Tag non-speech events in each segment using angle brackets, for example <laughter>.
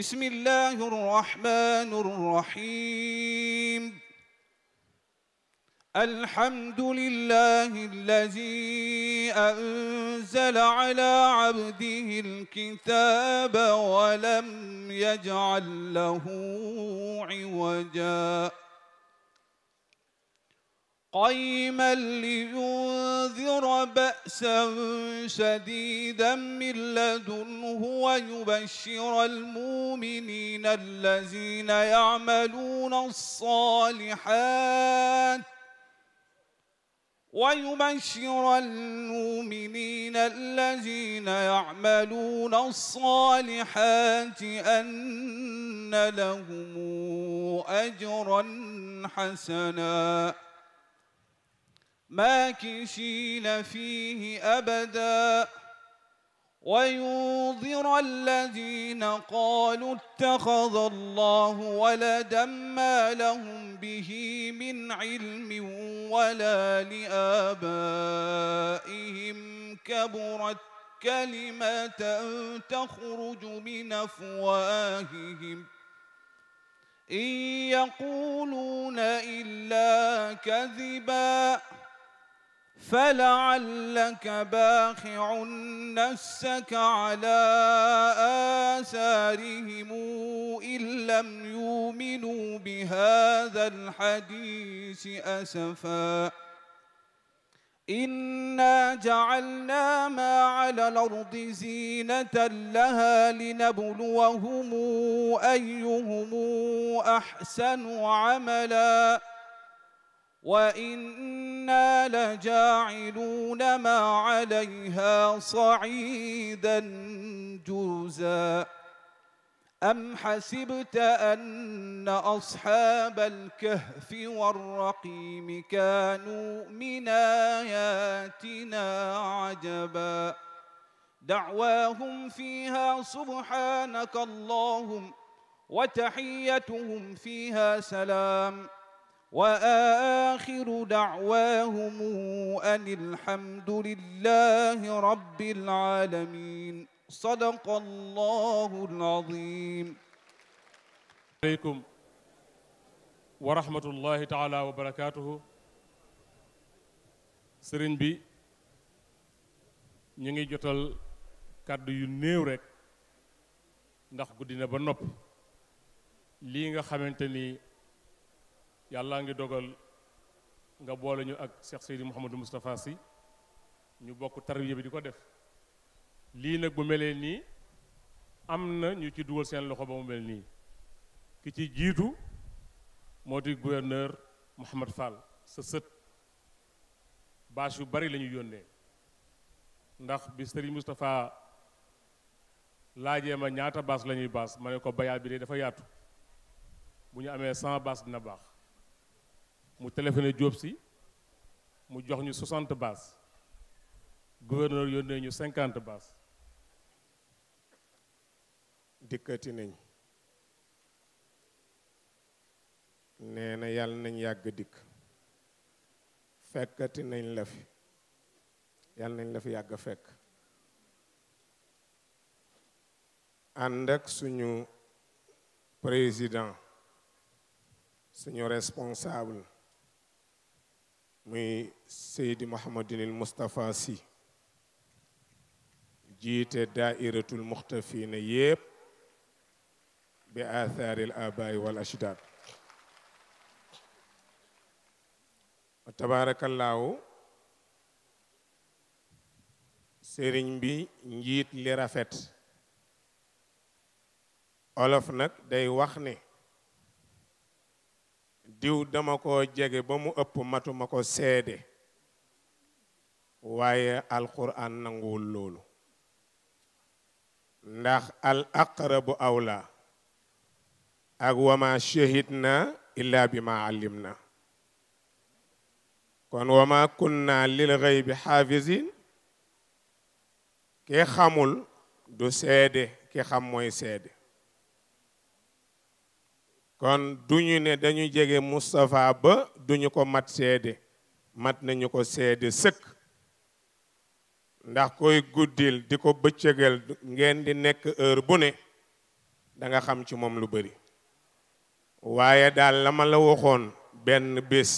بسم الله الرحمن الرحيم الحمد لله الذي أنزل على عبده الكتاب ولم يجعل له عوجاً قيما لينذر بأسا شديدا من لدنه ويبشر المؤمنين الذين يعملون الصالحات ويبشر المؤمنين الذين يعملون الصالحات أن لهم أجرا حسناً ماكثين فيه أبدا وينظر الذين قالوا اتخذ الله ولدا ما لهم به من علم ولا لآبائهم كبرت كلمة تخرج من أفواههم إن يقولون إلا كذباً فلعلك باخع نفسك على آثارهم إن لم يؤمنوا بهذا الحديث أسفا إنا جعلنا ما على الأرض زينة لها لنبلوهم أيهم أحسن عملاً وإنا لجاعلون ما عليها صعيدا جرزا أم حسبت أن أصحاب الكهف والرقيم كانوا من آياتنا عجبا دعواهم فيها سبحانك اللهم وتحيتهم فيها سلام واخر دعواهم ان الحمد لله رب العالمين صدق الله العظيم عليكم ورحمه الله تعالى وبركاته sëriñ bi ñu ngi jotal kàddu yu néew rek ndax guddi na ba noppi lii nga xamante ni yàlla ngi dogal nga boole ñu ak Cheikh Seydi Mouhamadou Moustapha Sy ñu bokk tarbiya bi di ko def lii nag bu melee nii am na ñu ci dugal seen loxo ba mu mel nii ki ci jiitu moo di gouverneur Mouhamad Fall sa sët bâche yu bari la ñu yónnee ndax bi Serigne mustafaa laajee ma ñaata baas la ñuy baas ma ne ko bayaal bi de dafa yaatu bu ñu amee 100 baas dina baax mu téléphoné Diop si mu jox ñu 60 bases gouverneur yónnee ñu 50 baas dikkati nañ nee na yàlla nañ yàgg dikk fekkati nañ lafi fi yàlla nañ la fi fekk ànd ak suñu président suñu responsable muy Seydi Mouhamadinil Moustapha Sy jiite daairatul muxtafiina yépp bi athaaril abaay wal ashdaad tabaarakallaahu sëriñ bi njiit li rafet olof nag day wax ni diw dama ko jege ba mu ëpp matuma ko seede waaye alquran nanguwul loolu ndax al aqrabu awla ak wama shahidna illa bima alimna kon wama kunna lil ghaybi xaafisin ki xamul du seede ki xam mooy seede kon duñu ne dañu jege Moustapha ba duñu ko mat seede mat nañu ko seede sëkk ndax koy guddil di ko bëccëgal ngeen di nekk heure bu ne danga xam ci moom lu bari waaye daal la ma la waxoon benn bés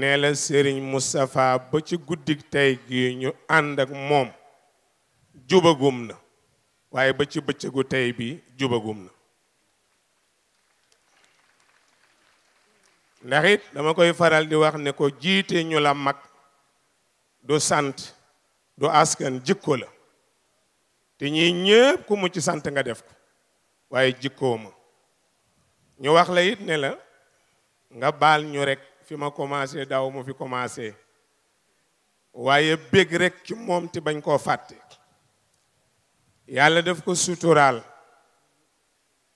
ne la Serigne Moustapha ba ci guddik tey gi ñu ànd ak moom jubagum na waaye ba ci bëccëgu tey bi jubagum na ndaxit dama koy faral di wax ne ko jiite ñu la mag du sant du askan jikko la te ñii ñëpp ku mu ci sant nga def ko waaye jikkoo ma ñu wax la ne la nga baal ñu rek fi ma commencé daaw mu fi commencé waaye bég rek ci moom te bañ koo fàtte yàlla def ko suturaal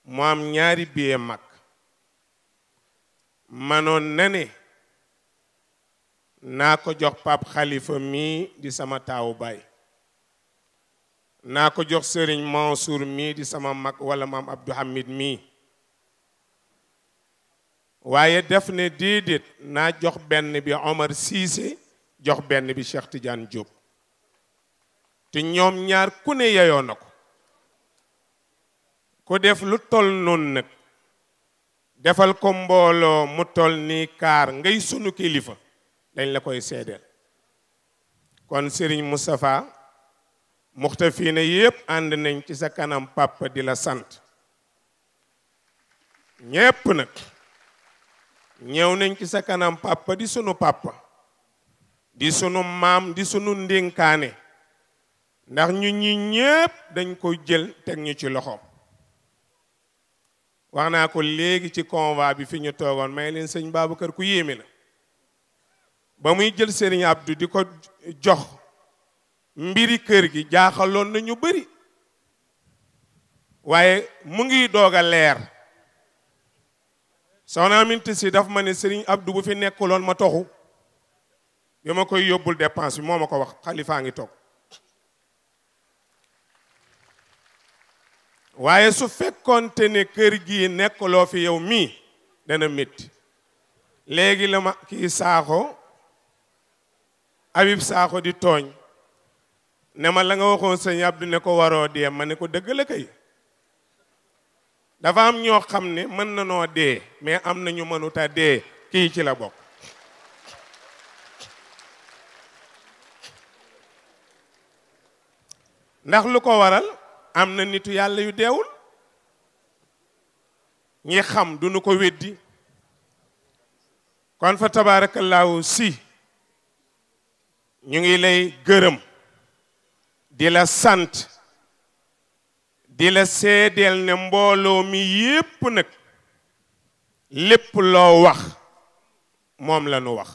mu am ñaari biye mag manoon na naa ko jox Pape Khalifa mii di sama taawu baay naa ko jox Serigne Mansour mii di sama mag wala maam Abdou Hamid mii waaye def ne déedéet naa jox benn bi Omar Cissé jox benn bi Cheikh Tidiane Diop te ñoom ñaar kune ne yeyoo ko def lu toll noonu nag defal ko mbooloo mu toll ni kaar ngay sunu kilifa dañ la koy seedeel kon sëriñ Moustapha muxtafii na yépp ànd nañ ci sa kanam papa di la sant ñépp nag ñëw nañ ci sa kanam papa di sunu papa di sunu maam di sunu ndénkaane ndax ñu ñi ñépp dañ ko jël teg ñu ci loxoom wax naa ko léegi ci convoi bi fi ñu toogoon may leen sëñ kër ku yéeme la ba muy jël Serigne Abdou di ko jox mbiri kër gi jaaxaloon na ñu bari waaye mu ngi doog a leer soxna Aminta si dafa ma ne Serigne Abdou bu fi nekkuloon ma toxu bi ma koy yóbbul dépense bi moom ma ko wax xalifaa ngi toog waaye su fekkoonte ne kër gi nekkuloo fi yow mii dana métti léegi la ma kii saaxo Habib saaxo di tooñ ne ma la nga waxoon sëñ Abdou ne ko waroo dee ma ne ko dëgg la kay dafa am ñoo xam ne mën na noo dee mais am na ñu mënuta dee kii ci la bokk ndax lu ko waral am na nitu yàlla yu deewul ñi xam duñu ko weddi kon fa tabaarakallaahu si ñu ngi lay gërëm di la sant di la seedeel ne mbooloo mi yépp nag lépp loo wax moom la ñu wax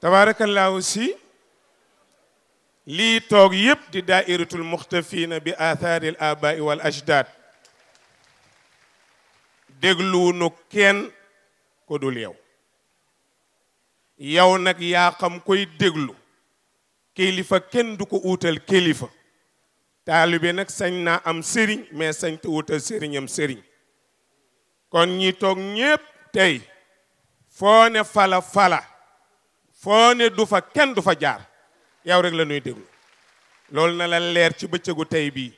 tabaarakallaahu si lii toog yépp di daairatul muxtafina bi athaaril abaai wal ajdaad dégluwunu kenn ko dul yow yow nag yaa koy déglu kilifa kenn du ko uutal kilifa taalibe nag sañ naa am sëriñ mais sañ te wutal sëriñam sëriñ kon ñi toog ñépp tey foo ne fala fala foo ne du fa kenn du fa jaar yow rek la ñuy déglu loolu na la leer ci bëccëgu tey bii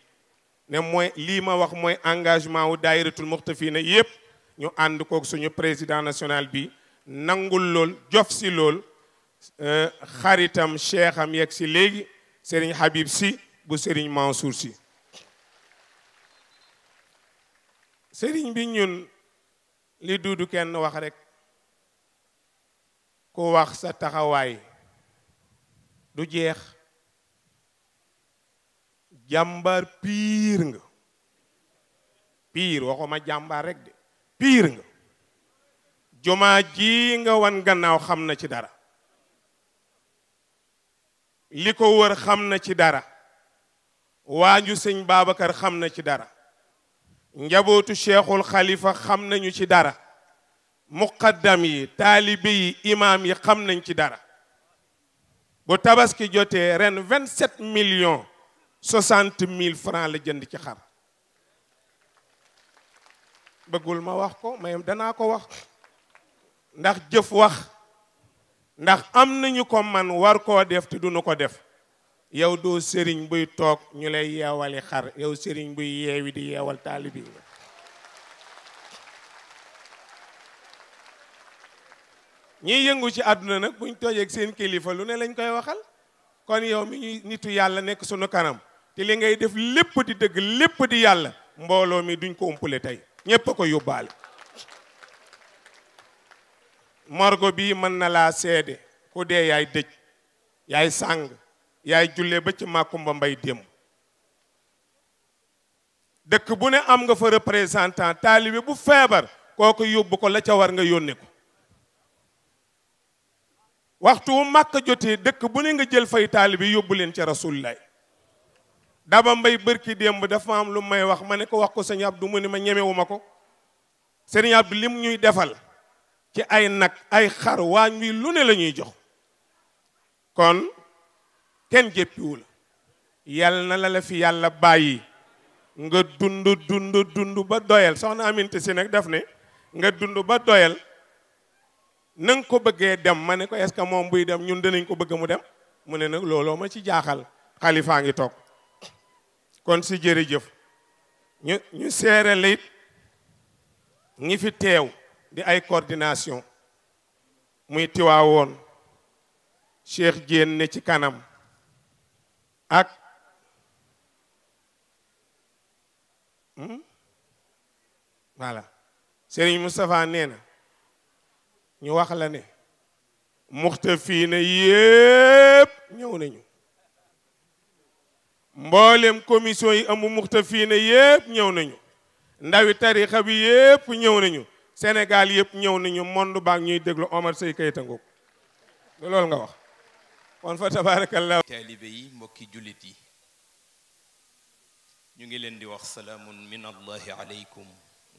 ne mooy lii ma wax mooy engagement wu daayiratul muxtafina yépp ñu ànd kook suñu président national bi nangul lool jof si lool euh, xaritam cheikh am yegg si léegi Serigne Habib si bu Serigne Mansour si sëriñ bi ñun li duudu kenn wax rek wax sa taxawaay du jeex jàmbar piir nga piir waxuma jàmbar rek de piir nga jumaa ji nga wan gannaaw xam na ci dara li ko wër xam na ci dara waaju sëñ Babacar xam na ci dara njabootu cheikhul xalifa xam nañu ci dara muqaddam yi taalibe yi imaam yi xam nañ ci dara bu tabaski jotee ren vingt sept millions soixante mille francs la jënd ci xar bëggul ma wax ko mayam danaa ko wax ndax jëf wax ndax am nañu ko man war koo def du duñu ko def yow doo sëriñ buy toog ñu lay yeewali xar yow sëriñ buy yeewi di yeewal taalibe yi ñiy yëngu ci àdduna nag buñ toojeek seen kilifa lu ne lañ koy waxal kon yow mi ñuy nitu yàlla nekk sunu kanam te li ngay def lépp di dëgg lépp di yàlla mbooloo mi duñ ko umpale tey ñépp a ko yóbbaale morgo bii mën na laa seede ku dee yaay dëj yaay sàng yaay julle ba ci Makumba Mbay démb dëkk bu ne am nga fa représentant taalibe bu feebar kooku yóbbu ko la ca war nga yónne ko waxtu wu màkk jotee dëkk bu ne nga jël fay taalibe yóbbu leen ca rasulilaay daba mbay bërki démb dafa am lu may wax ma ne ko wax ko sëñ Abdou mu ne ma ñemewuma ko sëñ Abdou lim ñuy defal ci ay nag ay xar waañ wi lu ne la ñuy jox kon kenn jéppiwu la yal na la la fi yàlla bàyyi nga dund dund dund ba doyal soxna aminte si nag daf ne nga dund ba doyal na nga ko bëggee dem ma ne ko est-ce que moom buy dem ñun danañ ko bëgg mu dem mu ne nag looloo ma ci jaaxal xalifaa ngi toog kon si jërëjëf ñu ñu seere layit ñi fi teew di ay coordination muy tiwaawoon Cheikh Diène ne ci kanam ak hmm? voilà Serigne Moustapha nee na ñu wax la ne muxtafiina yépp ñëw nañu mboolem commission yi amu muxtafiina yépp ñëw nañu ndawi tarixa bi yépp ñëw nañu Sénégal yépp ñëw nañu monde baak ñuy déglu Omar Seye Keita ngoog loolu nga wax kon fa tabarakallah taalibe yi mbokki jullit yi ñu ngi leen di wax salaamun min allahi aleykum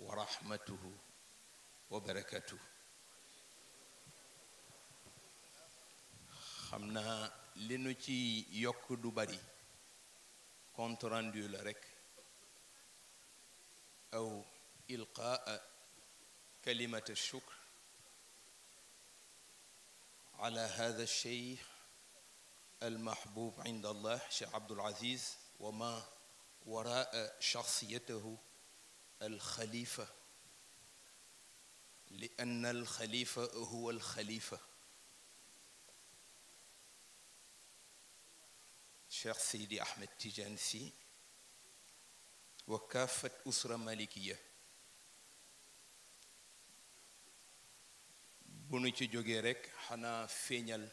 wa rahmatuhu xam naa li nu ci yokk du bari compte rendu la rekk aw ilqaa kalimat shukr ala hada sheikh almahbub inda allah cheikh abdul aziz wa ma waraa shaxsiyatahu alxalifa li anna alxalifa huwa alxalifa cheikh seydi ahmed tijan si wa kaafat usra malikiya bu nu ci jógee rekk xanaa feeñal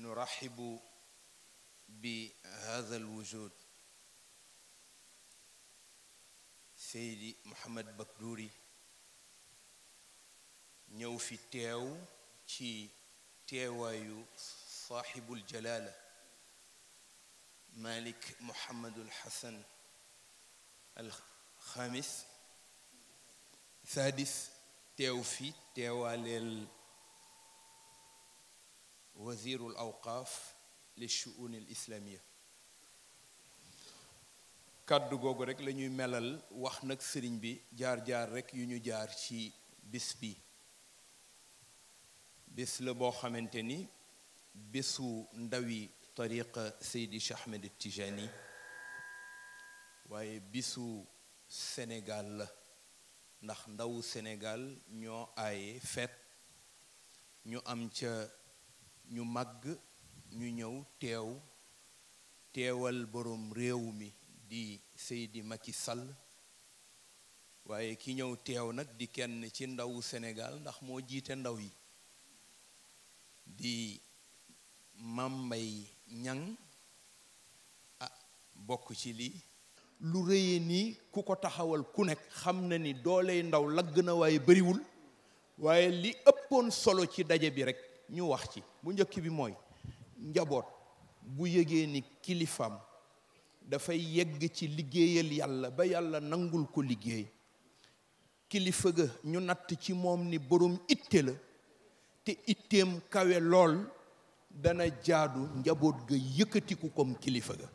nuraxibu bi hada alwujud seydi mohamad bakduri ñëw fi teew ci teewaayu saaxibul jalaala malik mohammadul hasan alxamis xamis saadis teew fi teewaaleel wazirul awqaaf li shu'un al islaamiya kàddu googu rekk lañuy melal wax nag sëriñ bi jaar-jaar rekk yu ñu jaar ci bis bi bis la boo xamante ni bésu ndawi tariqa Seydi Cheikh Ahmed Tijani waaye bisu senegal la ndax ndawu Sénégal ñoo aaye feet ñu am ca ñu màgg ñu ñëw teew teewal boroom réew mi di Seydi Macky sal waaye ki ñëw teew nag di kenn ci ndawu Sénégal ndax moo jiite ndaw yi di Mambay Ñang ah bokk ci lii lu rëyee nii ku ko taxawal ku nekk xam na ni dooley ndaw lagg na waaye bariwul waaye li ëppoon solo ci daje bi rekk ñu wax ci bu njëkk bi mooy njaboot bu yëgee ni kilifaam dafay yegg ci liggéeyal yàlla ba yàlla nangul ko liggéey kilifa ga ñu natt ci moom ni boroom itte la te itteem kawe lool dana jaadu njaboot ga yëkkatiku comme kilifa ga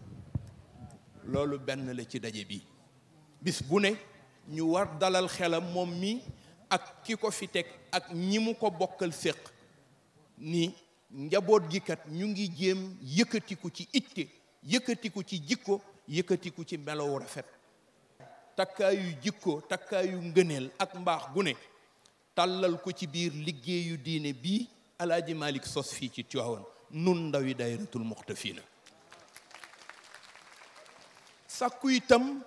loolu benn la ci daje bi bis bu ne ñu war dalal xelam moom mi ak ki ko fi teg ak ñi mu ko bokkal séq ni njaboot gi kat ñu ngi jéem yëkkatiku ci itte yëkkatiku ci jikko yëkkatiku ci melow rafet takkaayu jikko takkaayu ngëneel ak mbaax gu ne tàllal ko ci biir liggéeyu diine bii alaaji Malick sos fii ci Tiwaawan nun ndawi dayratul muxtafiina sàkku itam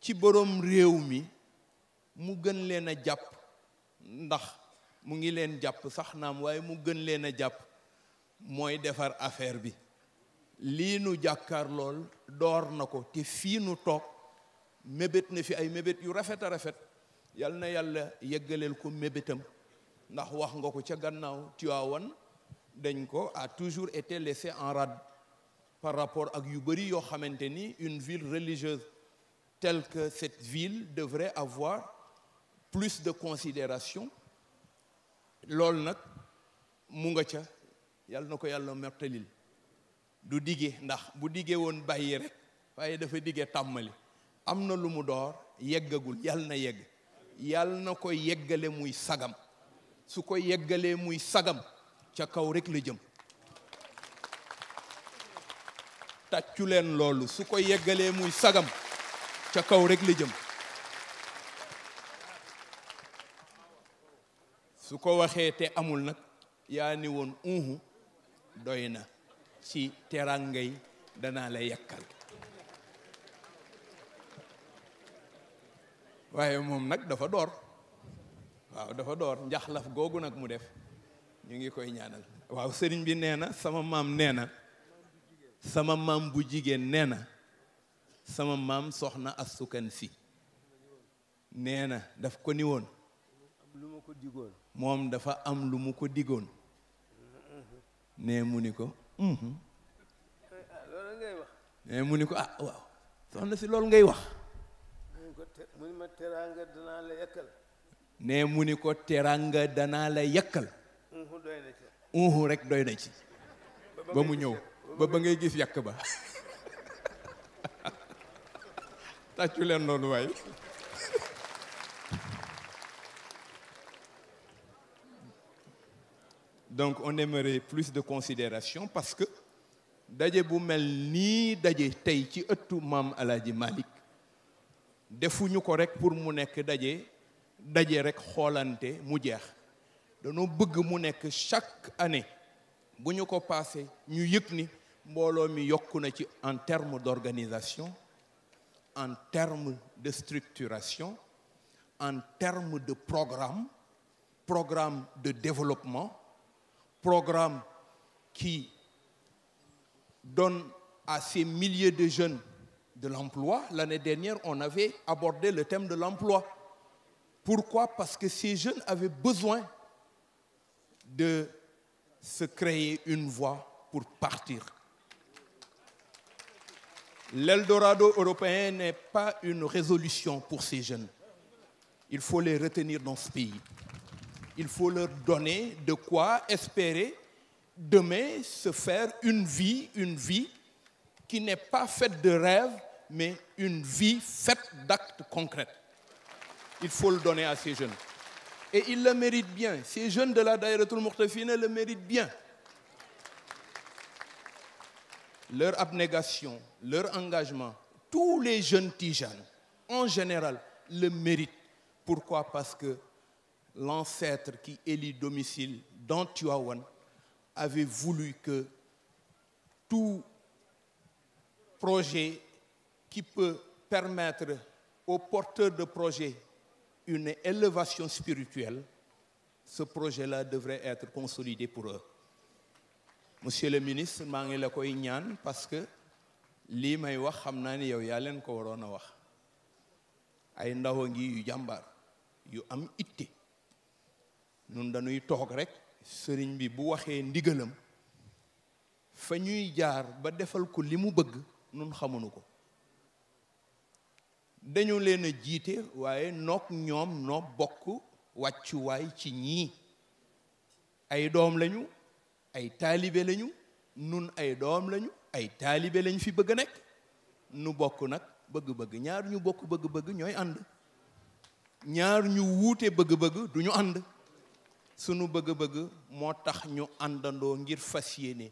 ci boroom réew mi mu gën leen a jàpp ndax mu ngi leen jàpp sax naam waaye mu gën leen a jàpp mooy defar affaire bi lii nu jàkkaar lool door na ko te fii nu toog mébét na fi ay mébét yu rafet a rafet yal na yàlla yeggaleel ko mébétam ndax wax nga ko ca gannaaw Tiwaawan dañ ko a toujours été laissé en rade par rapport ak yu bëri yoo xamante ni une ville religieuse telle que cette ville devrait avoir plus de considération loolu nag mu nga ca yal na ko yàlla mertalil du diggee ndax bu diggee woon bàyyi rek waaye dafa diggee tàmmali am na lu mu door yeggagul yal na yegg yàlla na ko yeggale muy sagam su ko yeggalee muy sagam ca kaw rek la jëm tàccu leen loolu su ko yeggalee muy sagam ca kaw rek la jëm su ko waxee te amul nag yaa ni woon uhu doy na ci terangay danaa la yekkal waaye moom nag dafa door waaw dafa door njaxlaf googu nag mu def ñu ngi koy ñaanal waaw sëriñ bi nee na sama maam nee na sama maam bu jigéen nee na sama maam soxna asukan si nee na daf ko ni woon moom dafa am lu mu ko digoon nee mu ni ko eh, nee mu ni ko ah waaw soxna si loolu ngay wax mu ni ma teraanga danaa la yàkkal ne mu ni ko teraanga danaa la yàkkal unhu doy rek doy na ci ba mu ñëw ba ba ngay gis yàkk ba <laughs> tàccu leen noonu waay donc on aimerait plus de considération parce que daje bu mel nii daje tey ci ëttu maam Alaaji Malick defuñu ko rek pour mu nekk daje daje rek xoolante mu jeex dañoo bëgg mu nekk chaque année bu ñu ko passé ñu yëg ni mbooloo mi yokku na ci en terme d'organisation en terme de structuration en terme de programme programme de développement programme qui donne à ces milliers de jeunes de l'emploi. L'année dernière, on avait abordé le thème de l'emploi. Pourquoi Parce que ces jeunes avaient besoin de se créer une voie pour partir. L'Eldorado européen n'est pas une résolution pour ces jeunes. Il faut les retenir dans ce pays. Il faut leur donner de quoi espérer demain se faire une vie, une vie qui n'est pas faite de rêves, mais une vie faite d'actes concrets. Il faut le donner à ces jeunes. Et ils le méritent bien. Ces jeunes de la Daïratoul Mourtefine le méritent bien. Leur abnégation, leur engagement, tous les jeunes tijanes, en général, le méritent. Pourquoi Parce que l'ancêtre qui élit domicile dans Tuawan avait voulu que tout projet qui peut permettre aux porteur de projet une élévation spirituelle, ce projet la devrait être consolidé pour eux. Monsieur le ministre maa ngi la koy ñaan parce que lii may wax xam naa ni yow yaa leen ko waroon a wax ay ndaw a ngi yu jàmbaar yu am itte nun dañuy toog rek sëriñ bi bu waxee ndigalam fa ñuy jaar ba defal ko li mu bëgg nun xamuñu ko dañu leen a jiite waaye noog ñoom noo bokk wàccuwaay ci ñii ay doom lañu ay taalibe lañu nun ay doom lañu ay taalibe lañ fi bëgg nekk nu bokk nag bëgg-bëgg ñaar ñu bokk bëgg-bëgg ñooy ànd ñaar ñu wuute bëgg-bëgg du ñu ànd sunu bëgg-bëgg moo tax ñu àndandoo ngir fas yéene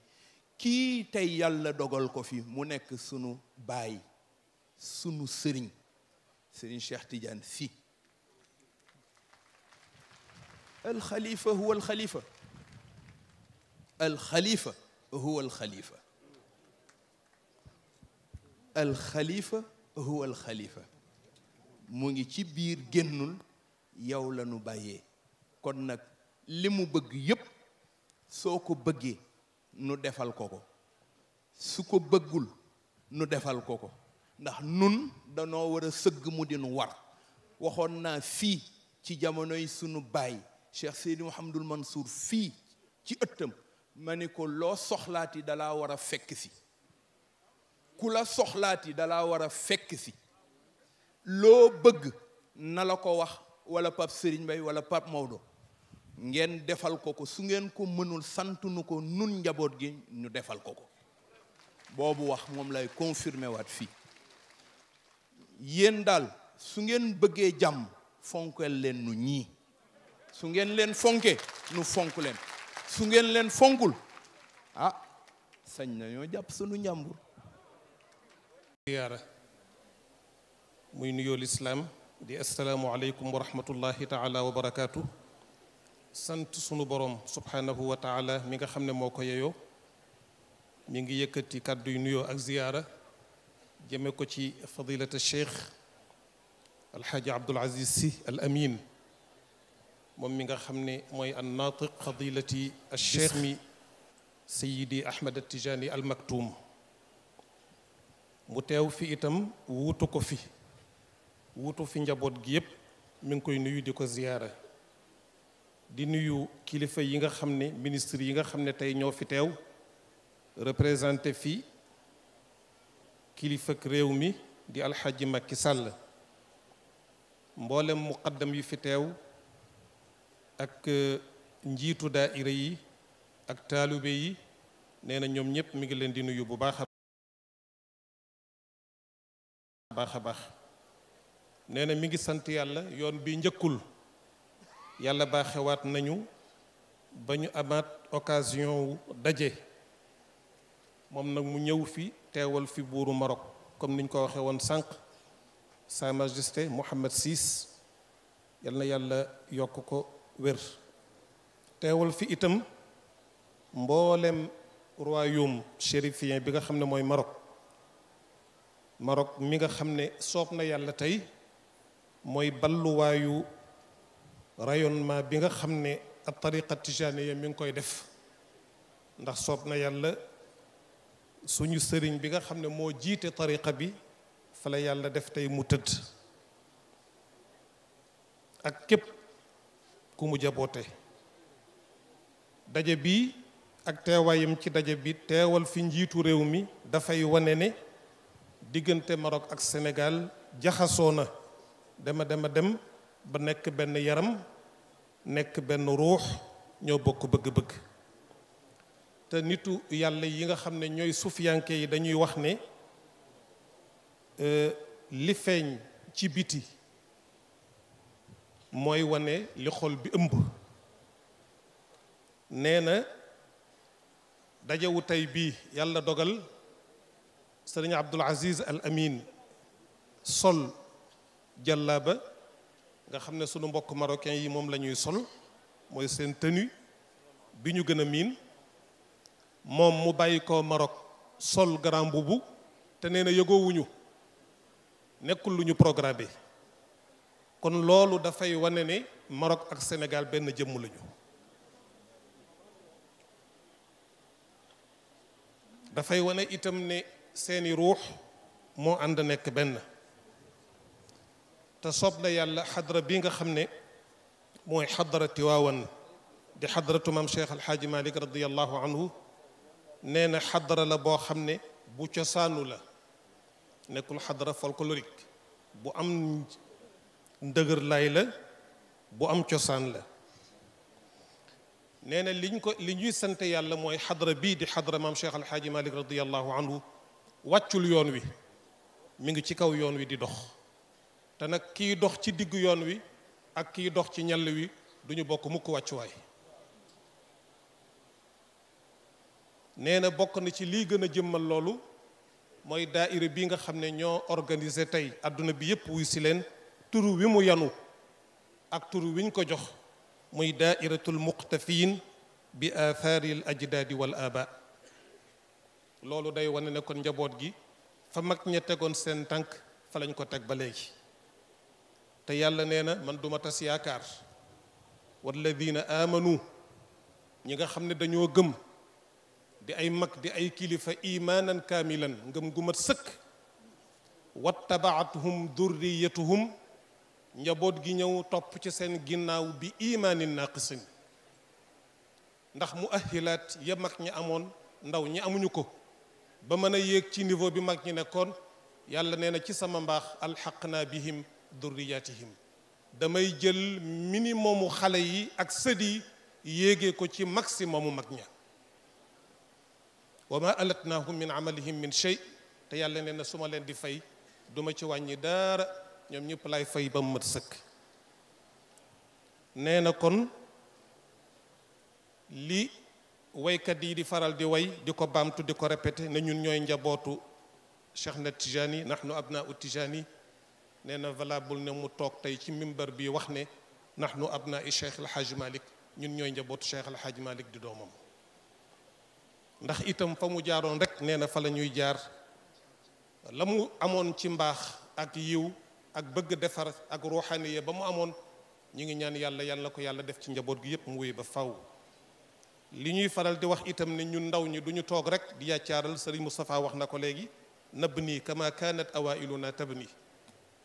kii tey yàlla dogal ko fi mu nekk sunu baay sunu sëriñ Serigne Cheikh Tidiane Sy alxalifa huwa alxalifa alxalifa huwa alxalifa alxalifa huwa alxalifa mu ngi ci biir génnul yow la nu bàyyee kon nag li mu bëgg yépp soo ko bëggee nu defal ko ko su ko bëggul nu defal ko ko ndax nun danoo war a sëgg mu dinu war waxoon naa fii ci jamonoy sunu baay Cheikh Seydi Mouhamadul Mansour fii ci ëttam ma ni ko loo soxlaati dalaa war a fekk si ku la soxlaati dalaa war a fekk si loo bëgg na la ko wax wala Pape Serigne Mbaye wala Pape Maodo ngeen defal ko ko su ngeen ko mënul sant nu ko nun njaboot gi ñu defal ko ko boobu wax moom lay confirmer waat fii yéen daal su ngeen bëggee jàmm fonkeel leen nu ñii su ngeen leen fonke nu fonk leen su ngeen leen fonkul ah sañ nañoo jàpp sunu njàmbur ziyaara muy nuyoo lislaam di assalaamu aleykum wa rahmatullahi taala sant sunu borom subhanahu wa taala mi nga xam ne moo ko yeyoo mi ngi yëkkati kàddu yu nuyoo ak ziyaara jëme ko ci fadilata cheikh alxaaji abdul aziz si al amin moom mi nga xam ne mooy an naatiq fadilati al cheikh mi sayidi ahmed al tijaani al maktuum mu teew fi itam wuutu ko fi wuutu fi njaboot gi yépp mi ngi koy nuyu di ko ziyaara di nuyu kilifa yi nga xam ne ministre yi nga xam ne tey ñoo fi teew représenté fii kilifak réew mi di alxaaji Macky Sall mboolem muqaddam yu fi teew ak euh, njiitu daa daaira yi ak taalibe yi nee na ñoom ñëpp mu ngi leen di nuyu bu baax baax a baax nee na mi ngi sant yàlla yoon bi njëkkul yàlla baaxewaat nañu ba ñu amaat occasion wu daje moom nag mu ñëw fi teewal fi buuru Maroc comme niñ ko waxee woon sànq sa majesté Mohammed VI yal na yàlla yokk ko wér teewal fi itam mboolem royaume chérifien bi nga xam ne mooy Maroc Maroc mi nga xam ne soob na yàlla tey mooy balluwaayu rayonement bi nga xam ne ab tariqa tijaniya mi ngi koy def ndax soob na yàlla suñu sëriñ bi nga xam ne moo jiite tariqa bi fa la yàlla def tey mu tëdd ak képp ku mu jaboote daje bi ak teewaayam ci daje bi teewal fi njiitu réew mi dafay wane ne diggante Maroc ak senegaal jaxasoo na dema dema dem ba nekk benn yaram nekk benn ruux ñoo bokk bëgg-bëgg te nitu yàlla yi nga xam ne ñooy sufiyanke yi dañuy wax ne euh, li feeñ ci biti mooy wane li xol bi ëmb nee na dajewu tey bii yàlla dogal sëriñ Abdul Aziz Al Amin sol jàllaaba nga xam ne sunu mbokk marocain yi moom la ñuy sol mooy seen tenue bi ñu gën a miin moom mu bàyyi koo Maroc sol grand mbubu te nee na yëgoowuñu nekkul lu ñu programmé kon loolu dafay wane ne Maroc ak senegal benn jëmm lañu dafay wane itam ne seeni ruux moo ànd nekk benn te soob na yàlla xadara bi nga xam ne mooy xadara Tiwaawan di xadaratu maam Cheikh Alxaaji Malik radiallahu anhu nee na xadara la boo xam ne bu cosaanu la nekkul xadara folklorique bu am ndëgër lay la bu am cosaan la nee na liñ ko li ñuy sant yàlla mooy xadara bii di xadara maam Cheikh Alxaaji Malik radiallahu anhu wàccul yoon wi mu ngi ci kaw yoon wi di dox te nag kiy dox ci diggu yoon wi ak kiy dox ci ñàll wi duñu bokk mukk wàccuwaay nee na bokk na ci lii gën a jëmmal loolu mooy daa daaira bii nga xam ne ñoo organiser tey àdduna bi yëpp wuy si leen tur wi mu yanu ak turu wiñ ko jox muy daa daairatul muqtafiin bi aathaari al ajdaadi wal aba loolu day wane ne kon njaboot gi fa mag ña tegoon seen tànk fa lañ ko teg ba léegi te yàlla nee na man duma tas yaakaar walladina amanu ñi nga xam ne dañoo gëm di ay mag di ay kilifa imaanan kaamilan ngëm gu mat sëkk wattabaatuhum durriyatuhum njaboot gi ñëw topp ci seen ginnaaw bi imaanin naaqisin ndax mu ahilaat ya mag ñi amoon ndaw ñi amuñu ko ba mën a yéeg ci niveau bi mag ñi nekkoon yàlla nee na ci sama mbaax alxaq naa bihim durriyatihim damay jël minimumu xale yi ak sët yi yéegee ko ci maximumu mag ña wa ma alatnaahum min amalihim min shay te yàlla neen na su ma leen di fay duma ci wàññi daara ñoom ñëpp lay fay ba mu mat sëkk nee na kon li waykat yi di faral di way di ko baamtu di ko répété ne ñun ñooy njabootu Cheikh na Tijani nahnu abnaau Tijani nee na valable ne mu toog tey ci mimbar bi wax ne nahnu abnaai Cheikh El Hadj Malick ñun ñooy njabootu Cheikh El Hadj Malick di doomam. ndax itam fa mu jaaroon rek nee na fa la ñuy jaar la mu amoon ci mbaax ak yiw ak bëgg defar ak yee ba mu amoon ñu ngi ñaan yàlla yal na ko yàlla def ci njaboot gi yépp mu wéy ba faw li ñuy faral di wax itam ne ñun ndaw ñi du ñu toog rek di yàccaaral sëriñ Moustapha wax na ko léegi nab nii kama kanat awailuna tab nii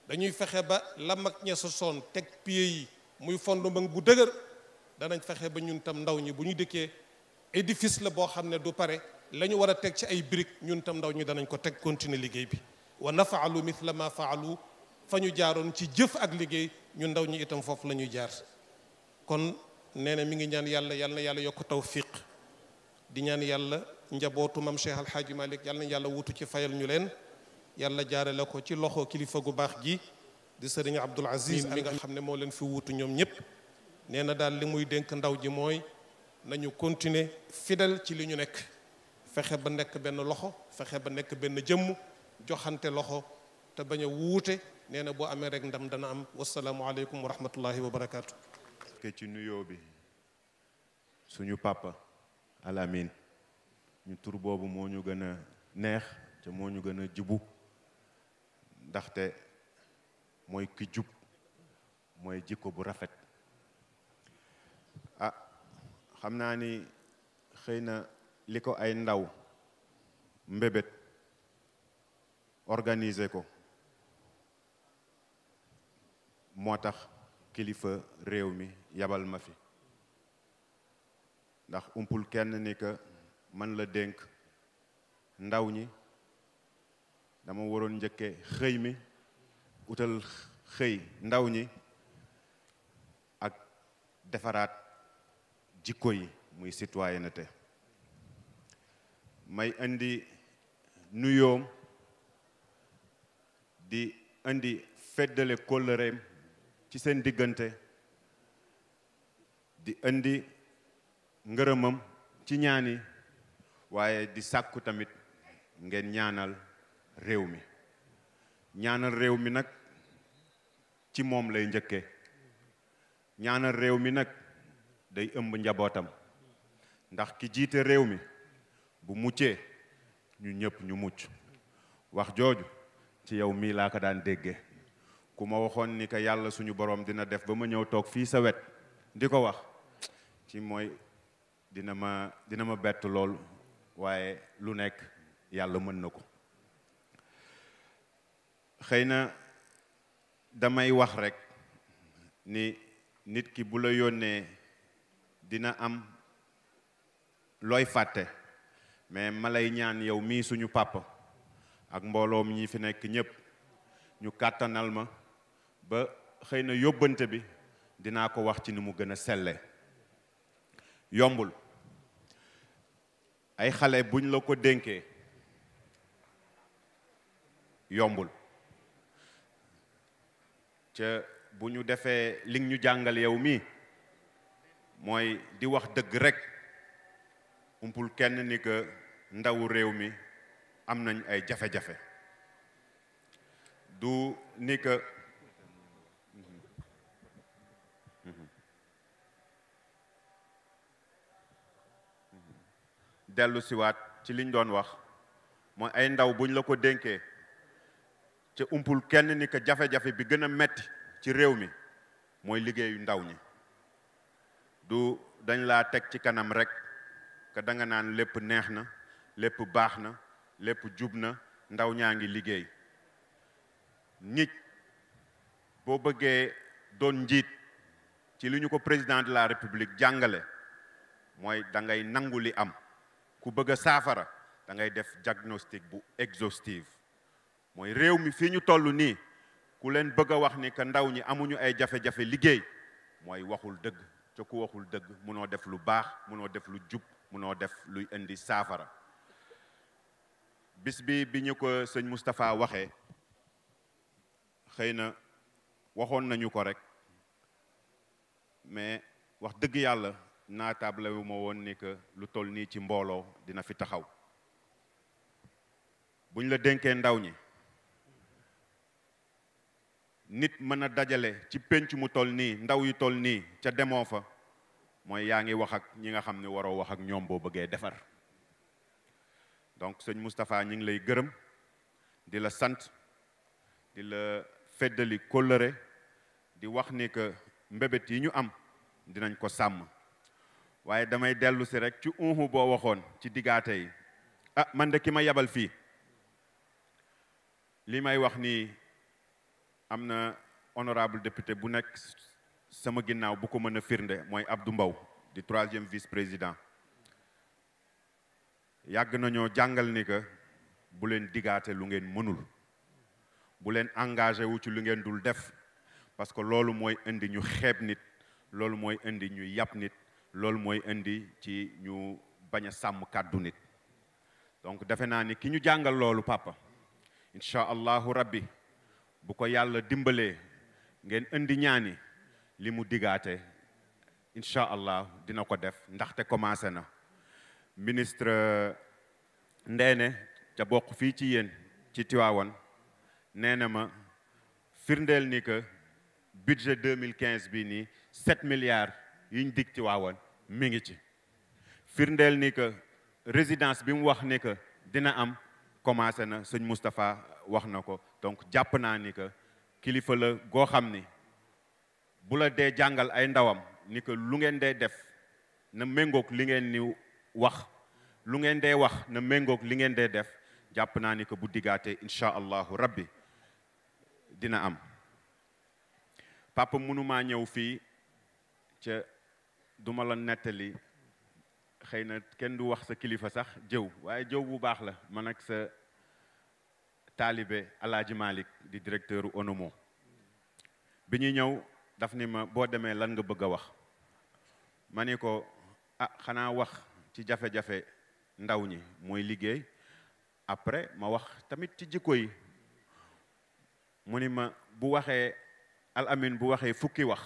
dañuy fexe ba lamag mag ña sosoon teg pied yi muy fond fondement bu dëgër danañ fexe ba ñun tam ndaw ñi bu ñu dikkee édifice la boo xam ne du pare la ñu war a teg ci ay briques ñun itam ndaw ñu danañ ko teg continuer liggéey bi wa nafaalu mithla ma faalu fa ñu jaaroon ci jëf ak liggéey ñu ndaw ñi itam foofu la ñuy jaar kon nee na mi ngi ñaan yàlla yàlla yàlla yokk tawfiq di ñaan yàlla njabootu mam Cheikh Alhaaji Malick yàlla na yàlla ci fayal ñu leen yàlla jaare la ko ci loxo kilifa gu baax gi di sëriñ Abdul Aziz mi nga xam ne moo leen fi wutu ñoom ñëpp nee na daal li muy dénk ndaw ji mooy nañu continuer fidèle ci li ñu nekk fexe ba nekk benn loxo fexe ba nekk benn jëmm joxante loxo te bañ a wuute nee na boo amee rek ndam dana am wasalaamualeykum wa rahmatullahi wa barakaatu. ke ci nuyoo bi suñu pàppa Alamine ñu tur boobu moo ñu gën a neex te moo ñu gën a jibu ndaxte mooy ki jub mooy jikko bu rafet. xam naa ni xëy na li ko ay ndaw mbébét organiser ko moo tax kilifa réew mi yabal ma fi ndax umpul kenn ni que man la dénk ndaw ñi dama waroon njëkke xëy mi utal xëy ndaw ñi ak defaraat jikko yi muy citoyenneté may indi nuyoom di indi feddale kóllëreem ci seen diggante di indi ngërëmam ci ñaani waaye di sàkku tamit ngeen ñaanal réew mi ñaanal réew mi nag ci moom lay njëkke ñaanal réew mi nag day ëmb njabootam ndax ki jiite réew mi bu muccee ñu ñëpp ñu mucc wax jooju ci yow mii laa ko daan déggee ku ma waxoon ni ko yàlla suñu borom dina def ba ma ñëw toog fii sa wet di ko wax ci mooy dina ma dina ma bett lool waaye lu nekk yàlla mën na ko xëy na damay wax rekk ni nit ki bu la yónnee dina am looy fàtte mais malay ñaan yow mii suñu papa ak mbooloom ñi fi nekk ñépp ñu kàttanal ma ba xëy na yóbbante bi dinaa ko wax ci ni mu gën a selle yombul ay xale buñ la ko dénkee yombul ca bu ñu defee li ñu jàngal yow mii mooy di wax dëgg rekk umpul kenn ni que ndawu réew mi am nañ ay jafe-jafe du ni que dellu ci liñ doon wax mooy ay ndaw buñ la ko dénkee ca umpul kenn ni que jafe-jafe bi gën a metti ci réew mi mooy liggéeyu ndaw ñi du dañ laa teg ci kanam rek que da nga naan lépp neex na lépp baax na lépp jub na ndaw ñaa ngi liggéey nit boo bëggee doon njiit ci li ñu ko président de la république jàngale mooy da ngay nangu li am ku bëgg a saafara da ngay def diagnostic bu exhaustive mooy réew mi fii ñu toll nii ku leen bëgg a wax ni que ndaw ñi amuñu ay jafe-jafe liggéey mooy waxul dëgg te ku waxul dëgg munoo def lu baax munoo def lu jub munoo def luy indi saafara bis bi bi ñu ko sëñ Moustapha waxe xëy na waxoon nañu ko rek mais wax dëgg yàlla naataable wu ma woon ni que lu toll nii ci mbooloo dina fi taxaw buñ la dénkee ndaw ñi nit mën a dajale ci pénc mu toll nii ndaw yi toll nii ca demoo fa mooy yaa ngi wax ak ñi nga xam ne waroo wax ak ñoom boo bëggee defar donc sëñ Moustapha ñi ngi lay gërëm di la sant di la feddali kóllëre di wax ni que mbébét yi ñu am dinañ ko sàmm waaye damay dellusi si rek ci unhu boo waxoon ci diggaate yi ah man de ki ma yabal fii li may wax nii am na honorable député bu nekk sama ginnaaw bu ko mën a firnde mooy Abdou Mbow di troisième vice président yàgg nañoo jàngal ni que bu leen digaate lu ngeen mënul bu leen engagé wu ci lu ngeen dul def parce que loolu mooy indi ñu xeeb nit loolu mooy indi ñu yàpp nit loolu mooy indi ci ñu bañ a sàmm kàddu donc defe naa ni ki ñu jàngal loolu papa incha allahu rabbi bu ko yàlla dimbalee ngeen indi ñaani li mu digaate incha allah dina ko def ndaxte commencé na ministre Ndéné ca bokk fii ci yéen ci Tiwaawan nee na ma firndeel ni que budget 2015 bii nii 7 milliards yiñ dig Tiwaawan mi ngi ci firndeel ni que résidence bi mu wax ni que dina am commencé na sëñ Moustapha wax na ko donc jàpp naa ni que kilifa la goo xam ni bu la dee jàngal ay ndawam ni que lu ngeen dee def na méngoog li ngeen ni wax lu ngeen dee wax na méngoog li ngeen dee def jàpp naa ni que bu diggaatee incha allahu rabbi dina am papa mënumaa ñëw fii ca duma la nettali xëy na kenn du wax sa kilifa sax jëw waaye jëw bu baax la man ak sa taalibe Alaaji Malick di directeur onomo bi ñu ñëw daf ni ma boo demee lan nga bëgg a wax ma ni ko ah xanaa wax ci jafe-jafe ndaw ñi mooy liggéey après ma wax tamit ci jikko yi mu ni ma bu waxee al bu waxee fukki wax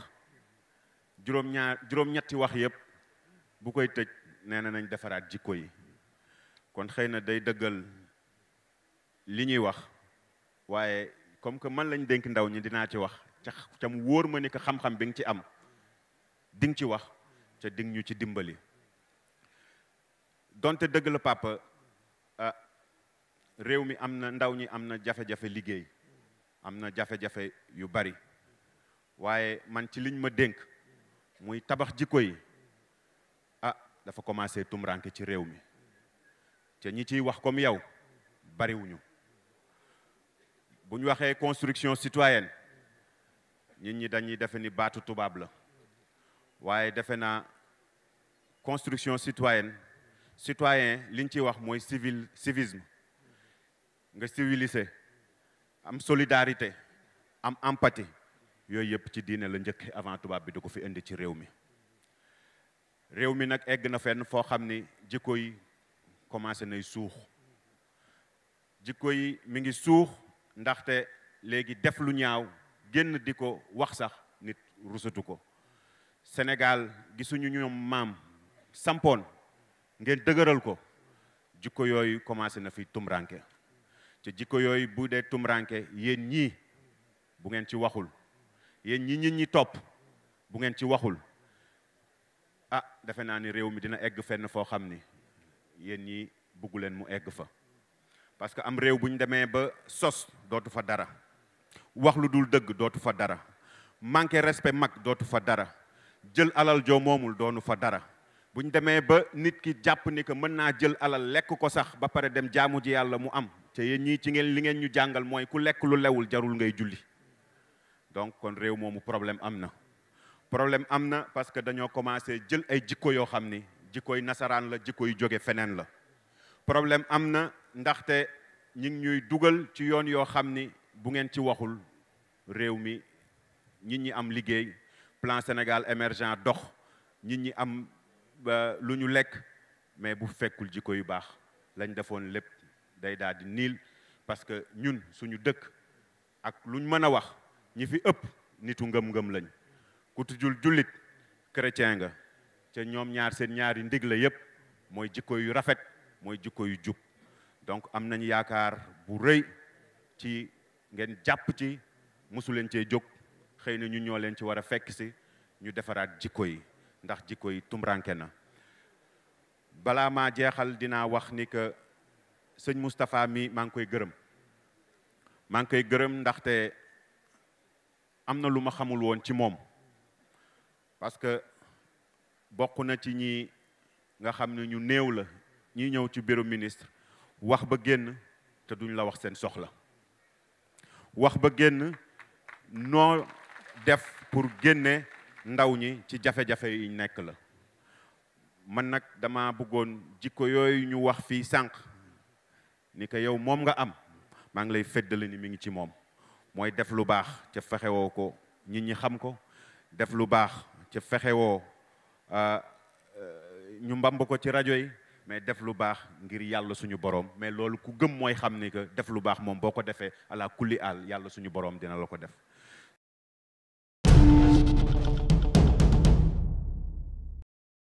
juróom ñaar wax yépp bu koy tëj nee na nañ defaraat jikko yi kon xëy na day dëggal li ñuy wax waaye comme que man lañ dénk ndaw ñi dinaa ci wax ca ca mu wóor ni que xam bi nga ci am di nga ci wax ca di ñu ci dimbali donte dëgg la papa ah réew mi am na ndaw ñi am na jafe-jafe liggéey am na jafe-jafe yu bari waaye man ci liñ ma dénk muy tabax jikko yi ah dafa commencé tumranke ci réew mi te ñi ciy wax comme yow bariwuñu bu ñu waxee construction citoyenne nit ñi dañuy defe ni baatu tubaab la waaye defe naa construction citoyenne citoyen li ñu ciy wax mooy civil civisme nga civilisé am solidarité am empathie yooyu yëpp ci diine la njëkk avant tubaab bi da ko fi indi ci réew mi réew mi nag egg na fenn foo xam ni jikko yi commencé nay suux jikko mi ngi suux ndaxte léegi def lu ñaaw génn di ko wax sax nit rusatu ko Sénégal gisuñu ñoom maam sampoon ngeen dëgëral ko jikko yooyu commencé na fi tumranke te jikko yooyu bu dee tumranke yéen ñi bu ngeen ci waxul yéen ñi nit ñi topp bu ngeen ci waxul ah defe naa ni réew mi dina egg fenn foo xam ni yéen ñi bugg mu egg fa parce que am réew bu ñu demee ba sos dootu fa dara wax lu dul dëgg dootu fa dara manqué respect mag dootu fa dara jël alal joo moomul doonu fa dara bu ñu demee ba nit ki jàpp ni que mën naa jël alal lekk ko sax ba pare dem jaamu ji yàlla mu am te yéen ñii ci ngeen li ngeen ñu jàngal mooy ku lekk lu lewul jarul ngay julli donc kon réew moomu problème am na problème am na parce que dañoo commencé jël ay jikko yoo xam ni jikkoy nasaraan la jikkoy yu jóge feneen la ndaxte ñi ñuy dugal ci yoon yoo xam ni bu ngeen ci waxul réew mi ñi ñi am liggéey plan Sénégal émergent dox ñi ñi am lu ñu lekk mais bu fekkul jikko yu baax lañ defoon lépp day daal di niil parce que ñun suñu dëkk ak lu ñu mën a wax ñi fi ëpp nitu ngëm-ngëm lañ ku jul jullit chrétien nga te ñoom ñaar seen ñaari ndigle yépp mooy jikko yu rafet mooy jikko yu jub donc am nañ yaakaar bu rëy ci ngeen jàpp ci mosu cee jóg xëy na ñu ñoo leen ci war a fekk si ñu defaraat jikko yi ndax jikko yi tumranke na balaa maa jeexal dinaa wax ni que sëñ Moustapha mi maa ngi koy gërëm maa ngi koy gërëm ndaxte am na lu ma xamul woon ci moom parce que bokk na ci ñi nga xam ne ñu néew la ñi ñëw ci bureau ministre wax ba génn te duñ la wax seen soxla wax ba génn noo def pour génne ndaw ñi ci jafe-jafe yi nekk la man nag dama bëggoon jikko yooyu ñu wax fii sànq ni ko yow moom nga am maa ngi lay feddali ni mi ngi ci moom mooy def lu baax ca fexewoo ko nit ñi xam ko def lu baax ca fexewoo ah, euh, ñu mbamb ko ci rajo yi mais def lu baax ngir yàlla suñu borom mais loolu ku gëm mooy xam ni que def lu baax moom boo ko defee ala kulli àll yàlla suñu borom dina la ko def